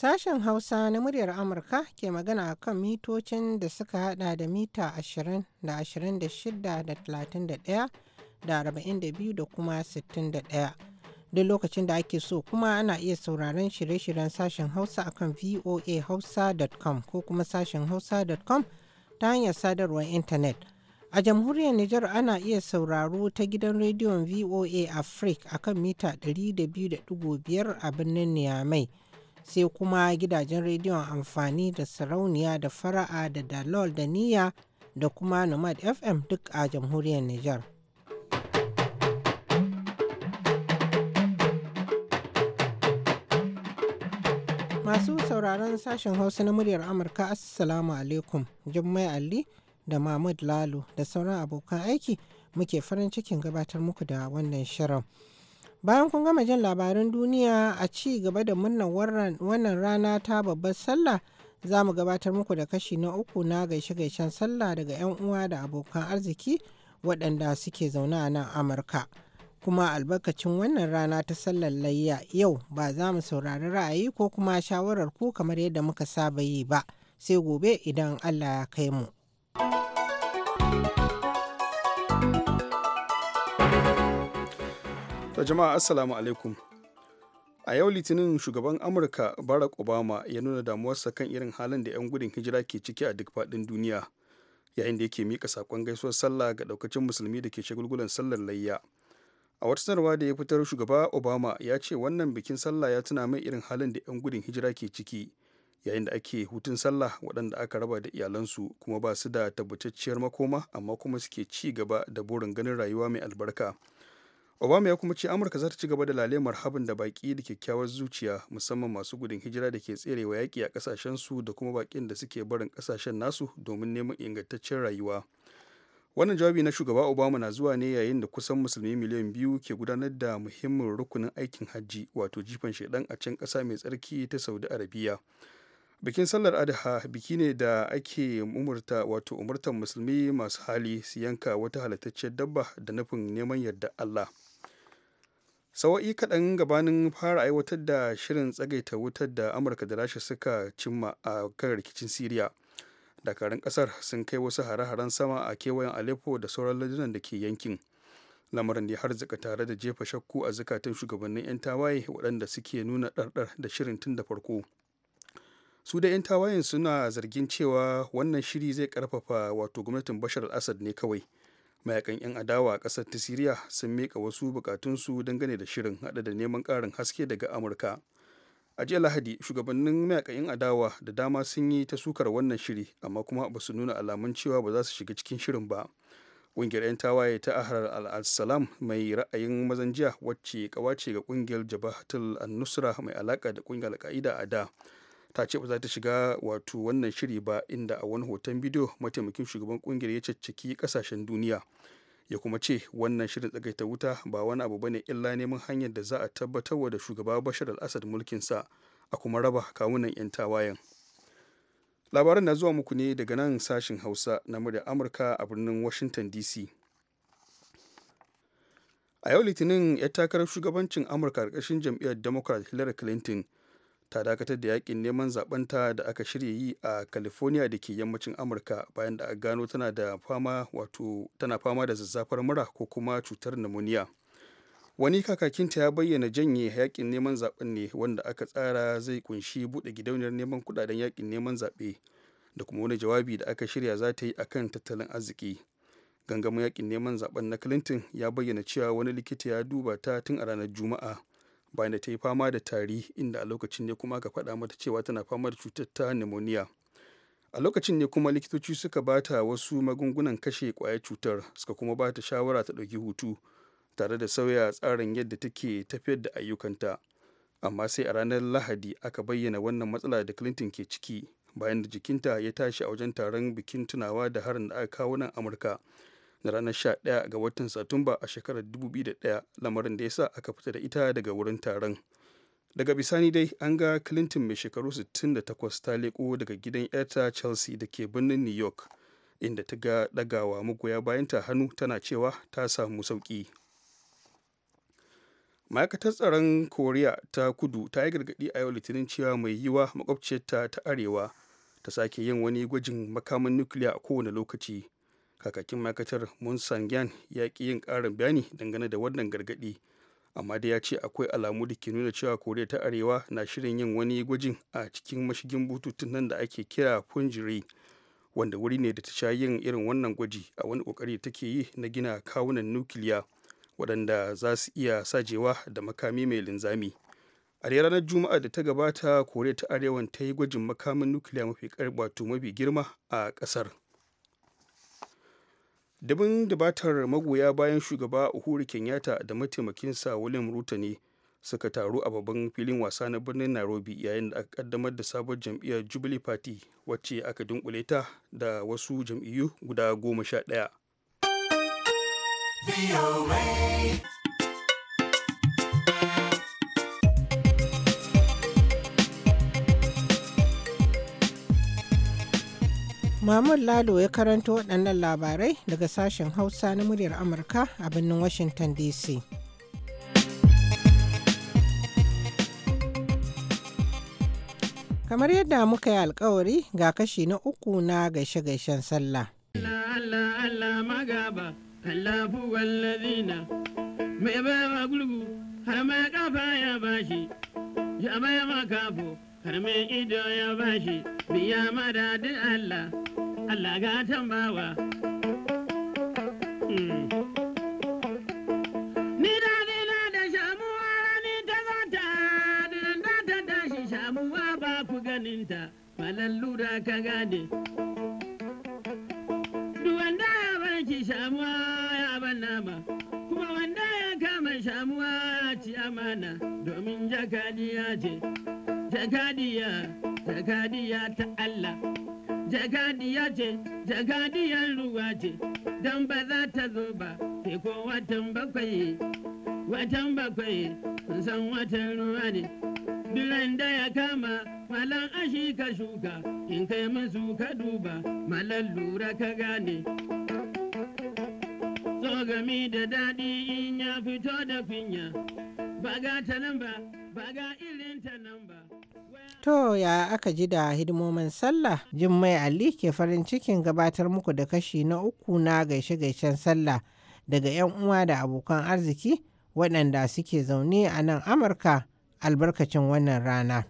Sashen Hausa na muryar Amurka ke magana a kan mitocin da suka hada da mita 20 da 26 da 31 da 42 da kuma 61. Duk lokacin da ake so kuma ana iya sauraron shirye-shiryen sashen Hausa a akan voahausa.com ko kuma sashen hausa.com ta hanyar sadarwar intanet. A jamhuriyar Nijar ana iya sauraro ta gidan rediyon VOA Africa akan mita 200.5 a birnin Niamey. sai kuma gidajen rediyon amfani da sarauniya da fara'a da dalol da niyya da kuma nomad fm duk a jamhuriyar niger masu sauraron sashen hausa na muryar amurka assalamu alaikum jummai ali da mahmud lalu da sauran abokan aiki muke farin cikin gabatar muku da wannan shirin Bayan kun gama jin labaran duniya a ci gaba da murnar wannan rana ta babbar sallah za mu gabatar muku da kashi na uku na gaishe-gaishen sallah daga 'yan uwa da abokan arziki waɗanda suke zaune a nan Amurka. Kuma albarkacin wannan rana ta sallar layya yau ba za mu saurari ra'ayi ko kuma shawarar ku kamar yadda muka saba yi ba sai gobe idan Allah ya kai mu. To jama'a assalamu alaikum. A yau litinin shugaban Amurka Barack Obama ya nuna damuwarsa kan irin halin da 'yan gudun hijira ke ciki a duk faɗin duniya yayin da yake mika sakon gaisuwar sallah ga ɗaukacin musulmi da ke shagulgulan sallar layya. A wata sanarwa da ya fitar shugaba Obama ya ce wannan bikin sallah ya tuna mai irin halin da 'yan gudun hijira ke ciki yayin da ake hutun sallah waɗanda aka raba da iyalansu kuma ba su da tabbatacciyar makoma amma kuma suke ci gaba da burin ganin rayuwa mai albarka. obama ya kuma ce amurka za ta ci gaba da lalemar habin da baƙi da kyakkyawar zuciya musamman masu gudun hijira da ke tserewa yaƙi a su da kuma baƙin da suke barin ƙasashen nasu domin neman ingantaccen rayuwa wannan jawabi na shugaba obama na zuwa ne yayin da kusan musulmi miliyan biyu ke gudanar da muhimmin rukunin aikin hajji wato jifan shaidan a can ƙasa mai tsarki ta saudi arabiya bikin sallar adha biki ne da ake umurta wato umurtan musulmi masu hali su yanka wata halittacciyar dabba da nufin neman yarda allah sawa'i kaɗan gabanin fara aiwatar da shirin tsagaita wutar da amurka da rasha suka cimma a kan rikicin siriya dakarun ƙasar sun kai wasu hare-haren sama a kewayen aleppo da sauran lardunan da ke yankin lamarin da har zika tare da jefa shakku a zukatan shugabannin 'yan tawaye waɗanda suke nuna ɗarɗar da shirin tun da farko su da 'yan tawayen suna zargin cewa wannan shiri zai karfafa wato gwamnatin bashar al ne kawai mayakan 'yan adawa a ƙasar ta siriya sun mika wasu bukatunsu dangane da shirin hada da neman ƙarin haske daga amurka a jiya lahadi shugabannin mayakan 'yan adawa da dama sun yi ta sukar wannan shiri amma kuma ba su nuna alamun cewa ba za su shiga cikin shirin ba ƙungiyar 'yan tawaye ta ahrar al-salam mai ra'ayin mazan jiya wacce kawace ga ƙungiyar jabhatul an-nusra mai alaka da ƙungiyar al-qaida a da ta ce ba za ta shiga wato wannan shiri ba inda a wani hoton bidiyo mataimakin shugaban kungiyar ya cicciki kasashen duniya ya kuma ce wannan shirin tsagaita wuta ba wani abu bane illa neman hanyar da za a wa da shugaba bashar al-assad sa a kuma raba kawunan 'yan tawayen labaran na zuwa muku ne daga nan sashin hausa na murya amurka a birnin washington dc a yau litinin ya takarar shugabancin amurka a ƙarƙashin jam'iyyar democrat hillary clinton ta dakatar da yakin neman ta da aka shirya yi a california da ke yammacin amurka bayan da a gano tana da fama wato tana fama da zazzafar mura ko kuma cutar pneumonia wani kakakinta ya bayyana janye yakin neman zaɓen ne wanda aka tsara zai kunshi buɗe gidauniyar neman kuɗaɗen yakin neman zaɓe da kuma wani jawabi da aka shirya za ta yi akan tattalin arziki gangamin yakin neman zaɓen na clinton ya bayyana cewa wani likita ya duba ta tun a ranar juma'a bayan da ta yi fama da tari inda a lokacin ne kuma aka faɗa mata cewa tana fama da cutar ta pneumonia a lokacin ne kuma likitoci suka bata wasu magungunan kashe kwaya cutar suka kuma ba ta shawara ta ɗauki hutu tare da sauya tsarin yadda take tafiyar da ayyukanta amma sai a ranar lahadi aka bayyana wannan matsala da clinton ke ciki bayan da jikinta ya tashi a wajen taron bikin tunawa da harin da aka kawo nan amurka na ranar 11 ga watan satumba a shekarar 2001 lamarin da ya sa aka fita da ita daga wurin taron daga bisani dai an ga clinton mai shekaru 68 ta leko daga gidan yarta chelsea da ke birnin new york inda ta ga dagawa magoya bayanta hannu tana cewa ta samu sauki ma'aikatar tsaron koriya ta kudu ta yi gargadi a yau litinin cewa mai yiwa makwabciyarta ta arewa ta sake yin wani gwajin makaman nukiliya a kowane lokaci kakakin ma'aikatar mun sangyan ya ƙi yin ƙarin bayani dangane da wannan gargaɗi amma dai ya ce akwai alamu da ke nuna cewa koriya ta arewa na shirin yin wani gwajin a cikin mashigin bututun nan da ake kira punjiri wanda wuri ne da ta sha yin irin wannan gwaji a wani kokari da take yi na gina kawunan nukiliya waɗanda za su iya sajewa da makami mai linzami a dai ranar juma'a da ta gabata koriya ta arewan ta yi gwajin makamin nukiliya mafi wato mafi girma a ƙasar dabin dibatar magoya bayan shugaba uhuru kenyatta da mataimakinsa william ruto ne suka taru a babban filin wasa na birnin nairobi yayin da aka kaddamar da sabon jam'iyyar jubilee party wacce aka dunkule ta da wasu jam'iyyu guda goma sha ɗaya. Mahmud Lalo ya karanto waɗannan labarai daga sashen Hausa na muryar Amurka a birnin Washington DC. Kamar yadda muka yi alkawari ga kashi na uku na gaishe-gaishen sallah. Allah Allah ido ya bashi, biya madadin Allah. Allah gatan bawa. Hmm. Ni da na da shamuwa rani ta zata, da na ta tashi shamuwa ba ku ganinta, falallu da ka gane. Duwanda ya barki shamuwa ya ban nama, kuma wanda ya kama shamuwa ya ci amana, domin jakadiya ce, jakadiya, jakadiya ta Allah. jagadiya ce jagadiyar ruwa ce don ba za ta zo ba sai ko watan bakwai watan bakwai san watan ruwa ne biran da ya kama malan ashi ka shuka in kai masu ka duba malan lura ka gane Zogami da daɗi in ya fito da kunya, ba ta nan ba, irin ta nan ba. To ya aka ji da hidimomin sallah Jummai Ali ke farin cikin gabatar muku da kashi na uku na gaishe-gaishen sallah daga 'yan uwa da abokan arziki waɗanda suke zaune a nan Amurka albarkacin wannan rana.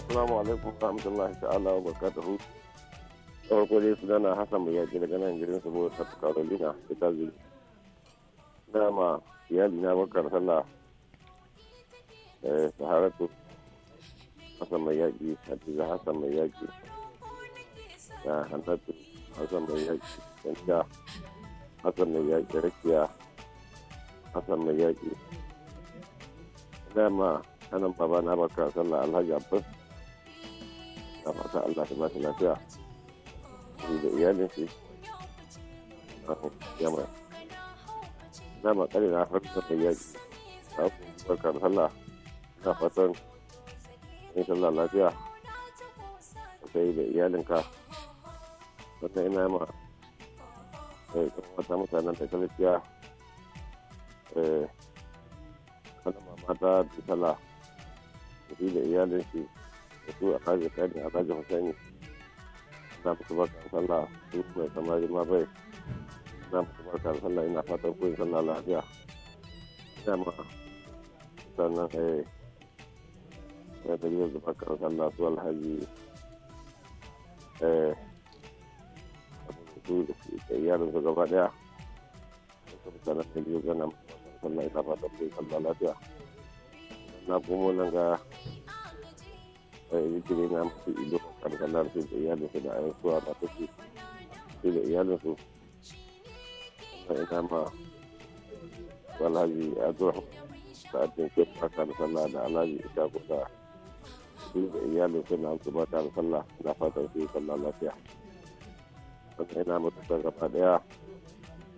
Assalamu alaikum wa rahmatullahi ta'ala wa barakatuhu. Farko dai su dana Hassan mai yaji daga nan gidan su bota Carolina da Kazi. Dama iyali na bakar sallah eh Saharatu Hassan mai yaji Hadiza Hassan mai yaji. Da Hantatu Hassan mai yaji Yanda Hassan mai yaji Rakiya Hassan mai yaji. Dama anan baba na bakar sallah Alhaji Abbas da fata Allah ta ba ta lafiya da iyalin shi yamma na makare na harkar da yaji a barkar sallah na fatan in Allah lafiya sai da iyalinka wata ina yamma ma eh, wata mutanen da kalafiya eh, kana mata da sallah da iyalin shi su a kaji kani a kaji husaini na musu barkan sallah su mai samari ma bai na kuma kan sallah ina fatan kuyin sallah lafiya ya ma sannan sai ya ta gidan zuba kan sallah su alhaji eh su da yaran su gaba daya su mutanen da biyu gana musu barkan sallah ina fatan kuyin sallah lafiya na kuma nan ga yake na masu ido a kankanar su da iyalinsu da ayan suwa ba ta su da iyalinsu na ina ma alhaji abdurrahman sa'adin ke fata da sallah da alhaji isa kusa su da iyalinsu na musu ba ta sallah na fatan su yi sallah lafiya wata ina mutu gaba daya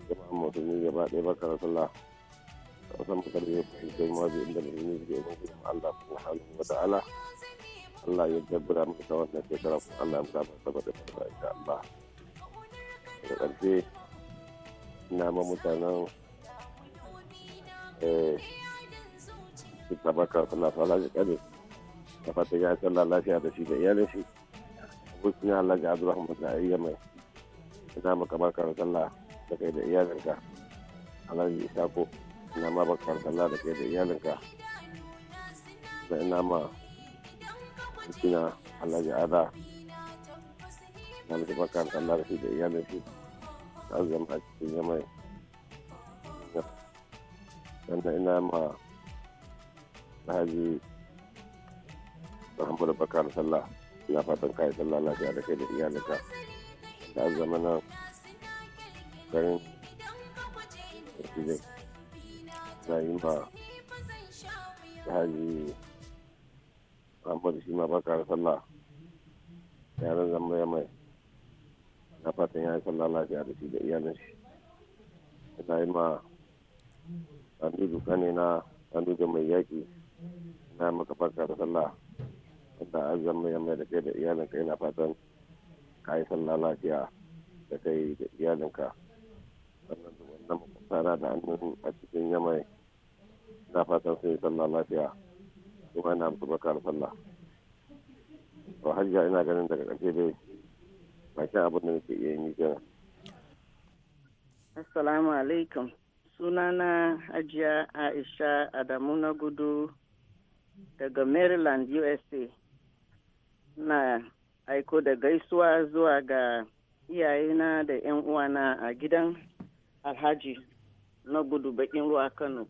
jama'a musulmi gaba daya barka da sallah wasan bakar ne da inda musulmi suke yi Allah subhanahu wa Allah ya jabbura mu ta wannan shekara kuma Allah ya musamman saboda ta insha Allah da ƙarfe na ma mutanen eh su tabaka suna fara da ƙare da fata ya sallah lafiya da shi da iyalin shi abokin ya Allah ga Abdulrahman da ayyan mai ina maka barkar sallah da kai da iyalinka Alhaji Isako ina ma baka barkar sallah da kai da iyalinka da ina ma Allah ya ada na mutu baka da allah da shi da iyalin shi da zama a cikin yamai wanda ina ma alhaji da baka da sallah ina fatan kayi sallah lafiya da kai da iyalinka da zama nan garin da shi da yi ma alhaji Muhammadu shi ma baka da sallah yaran zamba ya mai na fatan ya yi sallah lafiya da shi da iyalin shi ina yi ma duka ne na da mai yaƙi na maka farka da sallah wanda an zamba ya mai da kai da iyalin ka yana fatan ka yi sallah lafiya da kai da iyalin ka wannan da wannan makwabtana da hannun a cikin yamai na fatan sai yi sallah lafiya kuma ina musu barka sallah to hajja ina ganin daga ƙarshe dai bakin abin da nake iya yi kenan assalamu alaikum sunana hajiya aisha adamu na gudu daga maryland usa na aiko da gaisuwa zuwa ga iyayena da 'yan uwana a gidan alhaji na gudu bakin ruwa kano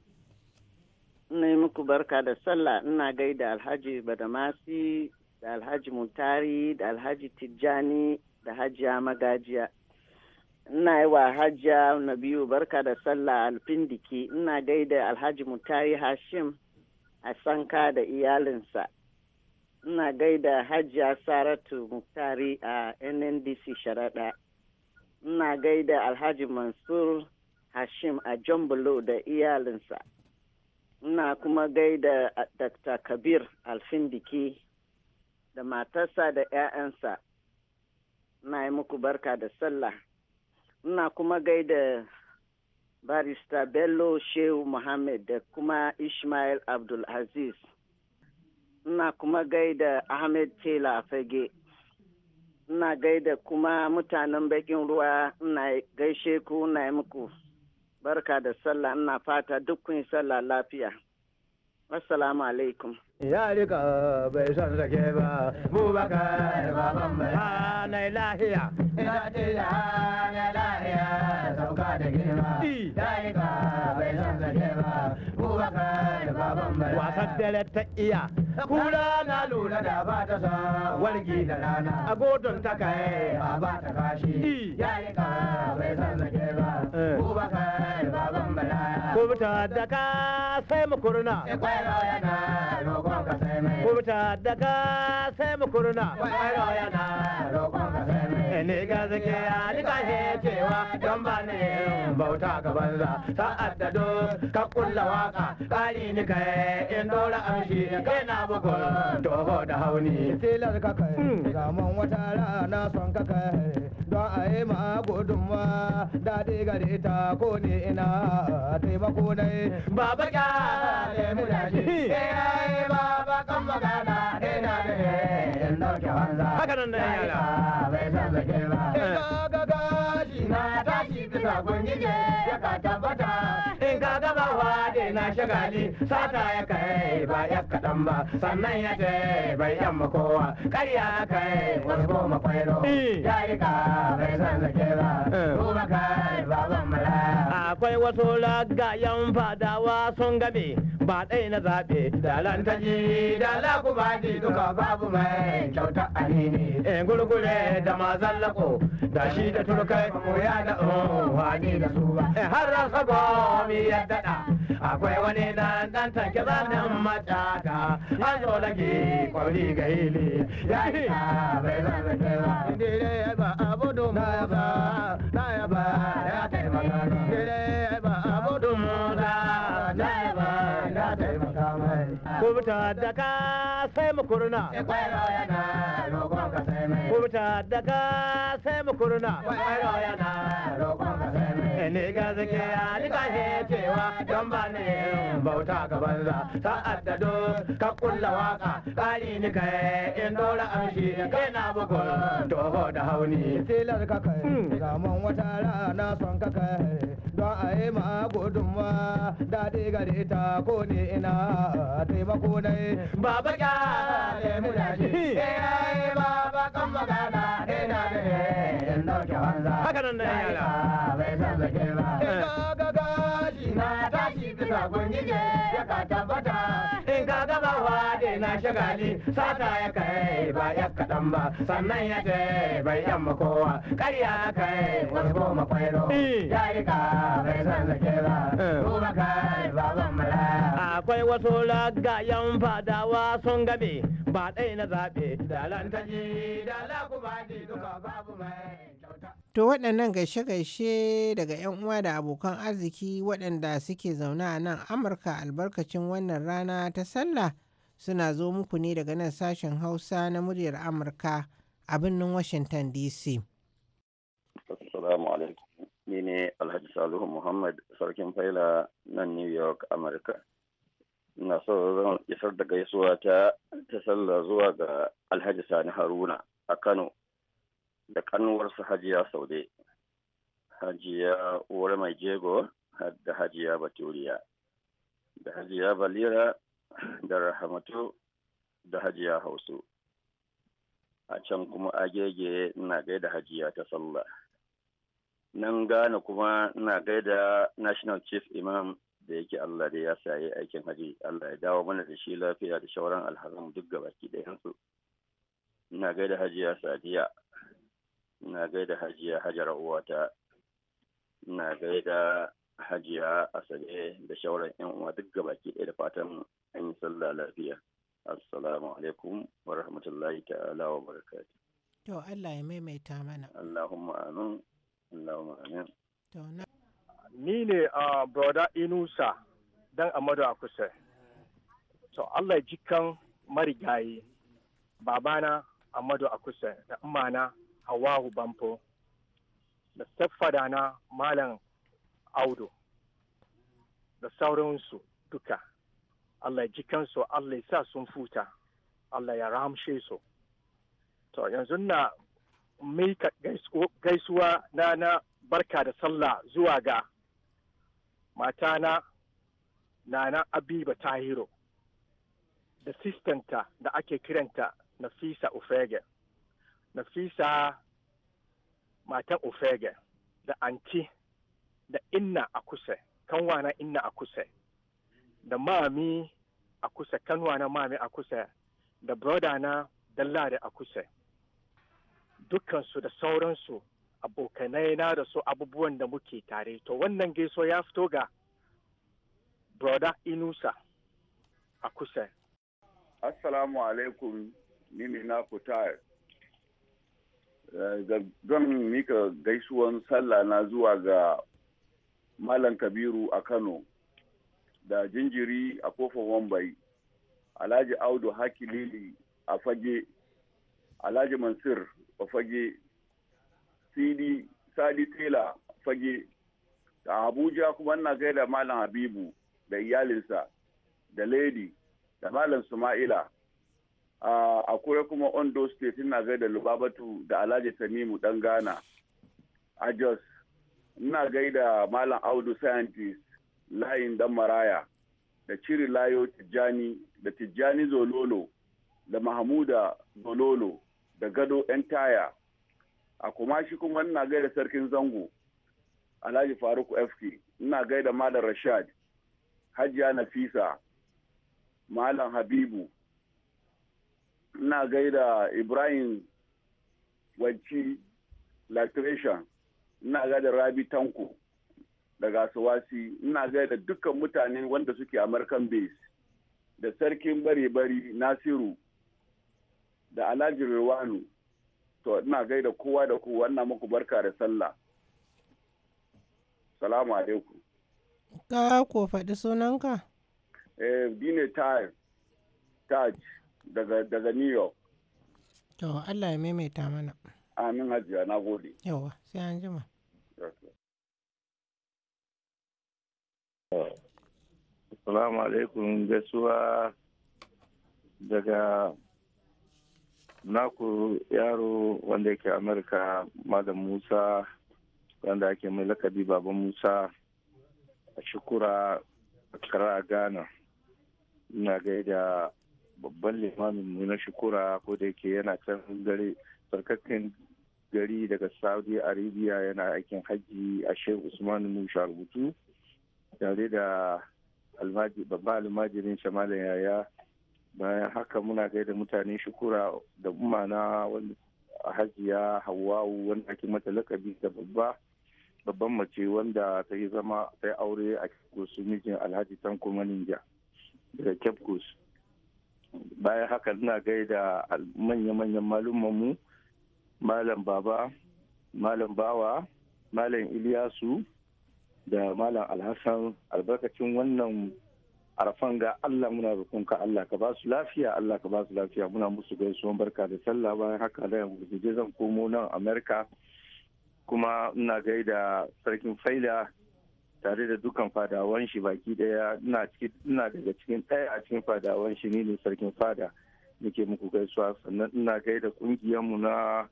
na yi muku barka da sallah ina gaida alhaji badamasi da alhaji mutari da alhaji tijjani da hajiya magajiya ina yi wa hajiya na biyu barka da sallah alfindiki ina gaida alhaji mutari hashim a sanka da iyalinsa ina gaida hajiya saratu mutari a nndc sharaɗa ina gaida alhaji mansur hashim a jambulo da iyalinsa ina kuma gaida Dr. Kabir Alfindiki da matarsa da 'ya'yansa. Ina yi muku barka da sallah. Ina kuma gaida barista Bello Shehu Muhammad da kuma Ishmael Abdulaziz. Ina kuma gaida Ahmed Tela Fage. Ina gaida kuma mutanen bakin ruwa ina gaishe ku ina yi muku barka da sallah ina fata duk kun sallah lafiya assalamu alaikum ya rika bai son sake ba ba ban bai ha na lahiya ina ce da ha na lahiya sauka da girma ya rika bai son sake ba bubakar wasan dare ta iya kura na lura da ba ta sa da rana a godon ta kai ba ba ta kashi ka bai san ba eh. ba kai bala ta da ka sai mu e roƙon ka sai mai ta da ka sai mu eh, roƙon ka sai mai ne ga zake ni ka he cewa don ba ne bauta ga banza sa'ad da do ka kulla waka ƙari ni kai in daura amshi kai na bugun toho da hauni tilar ka kai zaman wata rana son ka kai don a yi ma gudunma daɗi gare ta ko ne ina taimako na yi. baba kyale mu da shi eh baba kan magana dai eh, na ne in dauke wanza haka nan ne yala bai san zake ba eh. ga ga shi na tashi bisa gunjije ya ka tabbata in ka gazawa da na shagali sata ya kai ba ya kadan ba sannan ya ce bai yan makowa karya kai wasu goma kwairo ya eh. ka bai san zake ba kuma eh. kai baban mala akwai wasu lagayen fadawa sun gabe ba ɗai na zaɓe. Dalan ta ji dala ku ba ji duka babu mai kyauta anini. E eh, gurgure da mazan lako da shi da turkai mu ya da wani da su ba. Eh, har rasa mi ya daɗa akwai wani dan dan tanke zanen matata an zo lagi kwari ga hili ya yi bai da zai ba. Indire ba abu duma ya ba na ya ba ya taimaka. taimaka mai. Kubuta daga sai mu kurna. Kwairo yana roƙon ka sai mai. Kubuta daga sai mu kurna. Kwairo yana roƙon ka sai mai. Eh, ni gaske ya ni ka cewa don ba ni bauta ka banza. Sa'ad da do ka kulla waka ƙari ni ka in dora amshi kaina bugun toho da hauni. Tilar ka kai, zaman hmm. wata rana son ka kai. don a yi ma gudunma daɗi gare ta ko ne ina taimako ne. Baba ya da mu da shi, eh baba kan magana ina eh, da ne in dauke wanza. Haka nan da yala. Bai san zake ba. Eh. Ina ga gashi na ta tashi bisa gungige ya ka tabbata. in ka gaba wa na shagali sata ya kai ba ya kaɗan ba sannan ya ce bai yamma kowa karya kai wasu goma kwairo eh. ya ka bai san zake ba eh. wasu ragayen fadawa sun game ba ɗai na zaɓe da lantaji da lakubadi duka babu mai To waɗannan gaishe-gaishe daga 'yan uwa da abokan arziki waɗanda suke zaune a nan Amurka albarkacin wannan rana ta sallah suna zo muku ne daga nan sashen Hausa na muryar Amurka a birnin Washington DC. Assalamu alaikum. Ni ne Alhaji Salihu Muhammad Sarkin Faila nan New York, Amurka. Na so zan isar da gaisuwa ta ta sallah zuwa ga alhaji sani haruna a kano da kanuwarsa hajiya saude hajiya uwar mai jego da hajiya baturiya da hajiya balira da rahamatu da hajiya hausu a can kuma agege na gaida hajiya ta sallah nan gane kuma na gaida national chief imam da yake Allah da ya sa aikin haji Allah ya dawo mana da shi lafiya da shauran alhazan duk gabaki yansu ina gaida hajiya sadiya ina gaida hajiya hajara uwata ina gaida hajiya asabe da shauran yan uwa duk gabaki ɗaya da fatan an yi sallah lafiya assalamu alaikum wa rahmatullahi ta'ala wa barakatuh to Allah ya maimaita mana Allahumma amin Allahumma amin to na ni ne a broda inusa dan amadu a kusa to allah jikan marigayi babana amadu a kusa da imana hawahu bamfo da stepfada na malam audu da sauransu duka allah su allah sa sun futa allah ya ramshe su to yanzu na mika gaisuwa na na barka da sallah zuwa ga matana nana abiba tahiro da sistanta da ake kiranta nafisa ofege nafisa matan ofege da anti da inna a kusa kanwana inna a kusa da mami a kusa kanwana mami a kusa da broda na dallare a kusa dukansu da sauransu abokanai na da su abubuwan da muke tare to wannan gaiso ya fito ga broda inusa a kusa assalamu alaikum nini na fita zan eh, mika gaisuwan sallah na zuwa ga malam kabiru a kano da jinjiri a kofar wambai alhaji audu hakilili a fage alhaji mansur a fage sidi sadi tela fage a abuja kuma ina gaida malam habibu da iyalinsa da lady da malam suma'ila a kure kuma ondo state ina gaida lubabatu da alhaji tamimu dan ghana a jos ina gaida malam audu scientist layin dan maraya da ciri layo tijjani da tijjani zololo da mahamuda zololo da gado yan a kuma shi kuma ina gaida sarkin zango alhaji faruk fk ina gaida malam rashad hajiya nafisa malam habibu ina gaida ibrahim wanci lactation ina gaida rabi tanko daga suwasi ina gaida dukkan mutane wanda suke american base da sarkin bare-bari nasiru da alhaji rewanu To ina gaida kowa da ku wannan muku barka da sallah. Salamu alaikum. Ka ko faɗi sunanka? Eh, Bine Taj, Taj daga, daga New York. To Allah ya maimaita mana. Amin hajiya na gode. Yawa sai an jima. Assalamu alaikum gaisuwa daga naku yaro wanda yake amurka malam musa wanda ake mai lakabi baban musa a shukura a kara ghana ina gaida babban limamin mu na shukura ko da yake yana can gari gari daga saudi arabia yana aikin hajji a shehu usman musa rubutu tare da babban almajirin shamalin yaya bayan haka muna gaida mutane shukura da umana wanda hajiya hawawu wanda ake mata lakabi da babba babban mace wanda ta yi zama ta yi aure a kusu mijin alhaji tanko maninja daga cape coast bayan haka ina gaida manya-manyan malumanmu malam baba malam bawa malam iliyasu da malam alhassan albarkacin wannan arfan ga Allah muna roƙonka Allah ka ba su lafiya Allah ka ba su lafiya muna musu gaisuwar barka da sallah bayan haka da gurguje zan komo nan Amerika kuma ina gaida sarkin faida tare da dukan fadawan shi baki daya ina daga cikin ɗaya a cikin fadawan shi ne sarkin fada nake muku gaisuwa sannan ina gaida mu na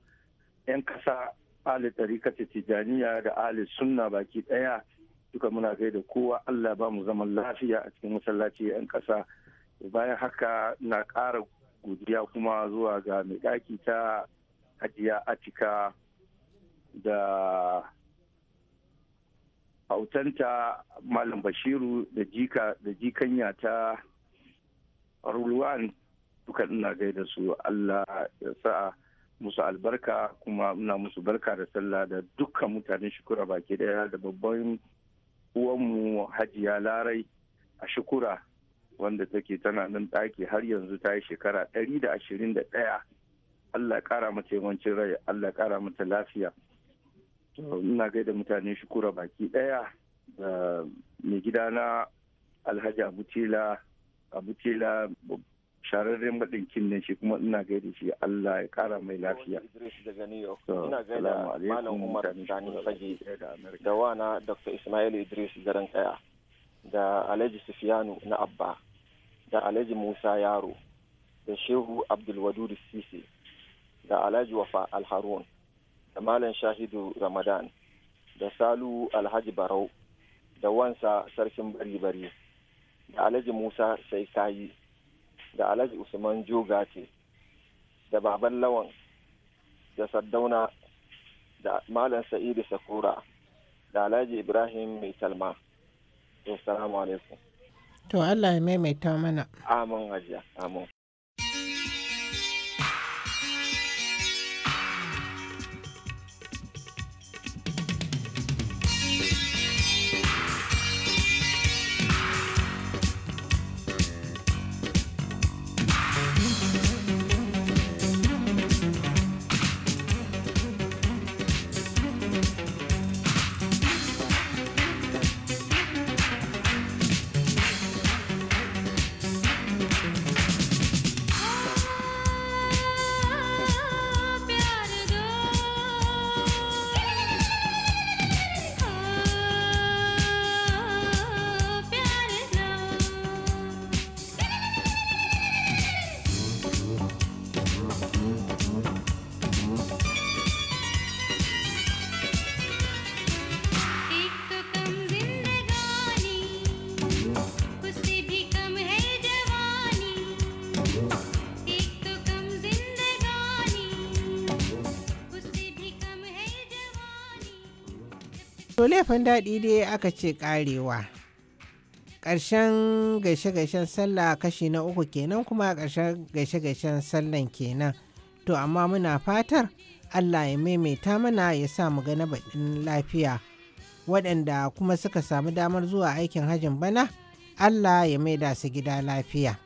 'yan kasa ali tarikata tijaniya da ali sunna baki daya duka muna gaida kowa Allah ba mu zaman lafiya a cikin masallaci 'yan ƙasa bayan haka na ƙara godiya kuma zuwa ga mai ɗaki ta hajiya atika da hautanta malam bashiru da jika da jikanya ta ruluwan duka ina gaida su Allah ya sa musu albarka kuma ina musu barka da sallah da dukkan mutanen shukura baki daya da babban uwanmu hajiya larai a shukura wanda take tana nan ɗaki har yanzu ta yi shekara ɗari da ashirin da ɗaya allah ƙara mata yawancin rai allah kara mata lafiya to ina gaida mutane shukura baki ɗaya da mai na alhaji abutila abutila shararren maɗinkin ne shi kuma ina gaida shi Allah ya kara mai lafiya. Ina gaida Malam Umar Sani Fage da wana Dr. Ismail Idris Garan Kaya da Alhaji Sufiyanu na Abba da Alhaji Musa Yaro da Shehu Wadud Sisi da Alhaji Wafa Alharun da Malam Shahidu Ramadan da Salu Alhaji Barau da wansa Sarkin Bari Bari da Alhaji Musa Sai Kayi da alhaji usman joga ce da baban lawan da sardauna da malam sa'idu sakura da alhaji ibrahim mai talma to salamu alaikum to allah ya maimaita mana amin hajiya amin To laifin daɗi dai aka ce ƙarewa. Ƙarshen gaishe-gaishen sallah kashi na uku kenan kuma ƙarshen gaishe-gaishen sallan kenan. To amma muna fatar Allah ya maimaita mana ya sa mu ga na baɗin lafiya. Waɗanda kuma suka samu damar zuwa aikin hajin bana, Allah ya maida su gida lafiya.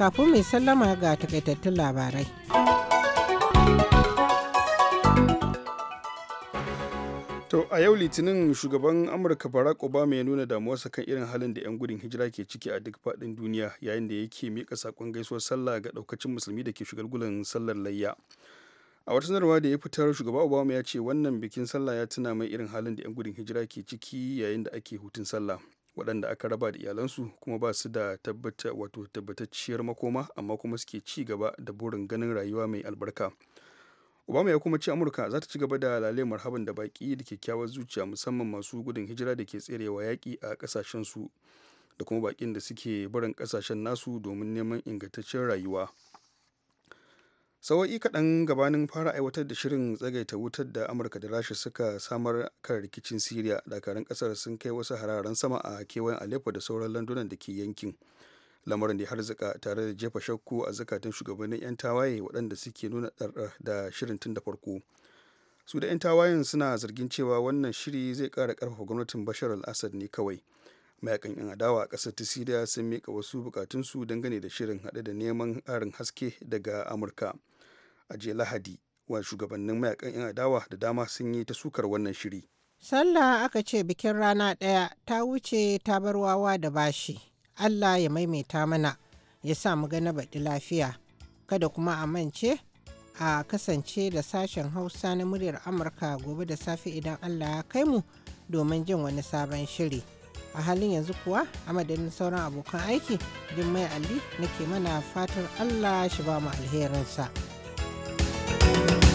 kafin mai sallama ga takaitattun labarai. To a yau litinin shugaban Amurka Barack Obama ya nuna damuwarsa kan irin halin da 'yan gudun hijira ke ciki a duk faɗin duniya yayin da yake miƙa saƙon gaisuwar sallah ga ɗaukacin musulmi da ke shugulgulan sallar layya. A wata sanarwa da ya fitar shugaba Obama ya ce wannan bikin sallah ya tuna mai irin halin da 'yan gudun hijira ke ciki yayin da ake hutun sallah. waɗanda aka raba da iyalansu kuma ba su da tabbata wato tabbatacciyar makoma amma kuma suke ci gaba da burin ganin rayuwa mai albarka obama ya kuma ce amurka za ta ci gaba da lale marhaban da baki da kyakkyawar zuciya musamman masu gudun hijira da ke tserewa yaƙi a ƙasashensu da kuma baƙin da suke barin ƙasashen nasu domin neman ingantaccen rayuwa sawa'i kaɗan gabanin fara aiwatar da shirin tsagaita wutar da amurka da rasha suka samar kan rikicin siriya dakarun ƙasar sun kai wasu hararen sama a kewayen aleppo da sauran landunan da ke yankin lamarin da har zika tare da jefa shakku a zakatun shugabannin 'yan tawaye waɗanda suke nuna ɗarɗar da shirin tun da farko su da 'yan tawayen suna zargin cewa wannan shiri zai ƙara ƙarfafa gwamnatin bashar al-assad ne kawai mayakan 'yan adawa a ƙasar ta siriya sun miƙa wasu bukatunsu dangane da shirin haɗe da neman ƙarin haske daga amurka a jiya lahadi wa shugabannin mayakan 'yan adawa da dama sun yi ta sukar wannan shiri sallah aka ce bikin rana ɗaya ta wuce ta bar wawa da bashi allah ya maimaita mana ya sa mu gana baɗi lafiya kada kuma a mance a kasance da sashen hausa na muryar amurka gobe da safe idan allah ya kai mu domin jin wani sabon shiri a halin yanzu kuwa a madadin sauran abokan aiki jummai ali nake mana fatar allah shi ba mu alherinsa. Thank you.